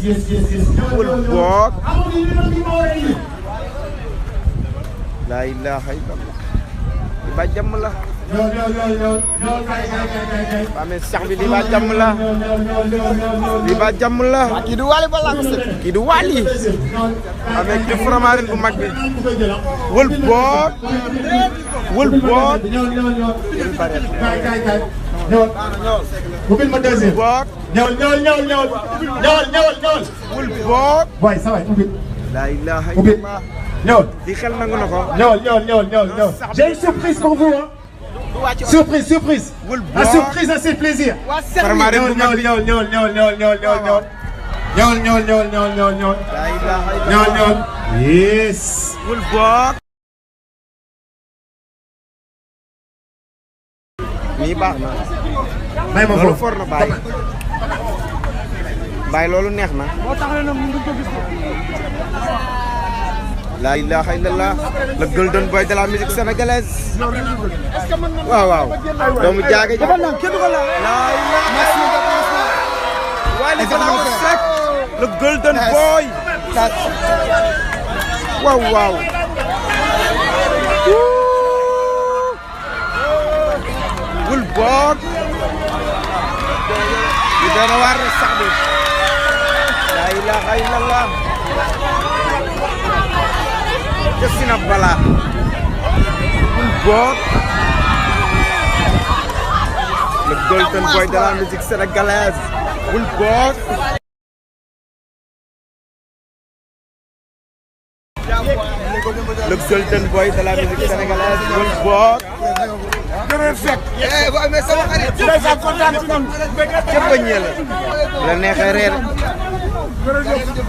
Yes, yes, yes. will walk. La li ba jàmm la. yow yow yow bi li ba jàmm la. li ba jàmm la. kii du Wally balaa ko sëkk. kii du Wally. avec du fromage bu mag bi. wël boot. wël boot. ñëwal. ubbil ma deuxième. ñëwal ñëwal ñëwal ñëwal. ñëwal ñëwal ñëwal. waay sa waay ubbil. ubbil ñëwal. ñëwal ñëwal ñëwal ñëwal. j'ai une surprise pour vous ah. surprise surprise. la surprise a ses plaisirs. ñëwal ñëwal ñëwal ñëwal ñëwal ñëwal ñëwal. ñëwal ñëwal ñëwal ñëwal ñëwal. ñëwal ñëwal. yes. nii baax na. may ma loolu for na bàyyi. bàyyi loolu neex na. moo tax na mu ngi ko gis. laa ilaha illallah golden boy de la musique sénégalaise. waaw waaw. doomu golden boy. waaw waaw. jëlul boot di la ilaha illallah def si na bala jëlul boot la musique sénégalaise bul boot gërëm fekk. Eh, waaw mais sama xarit. ndeysaan kontaan ci ñoom. ca bañ ñee la. bu la neexee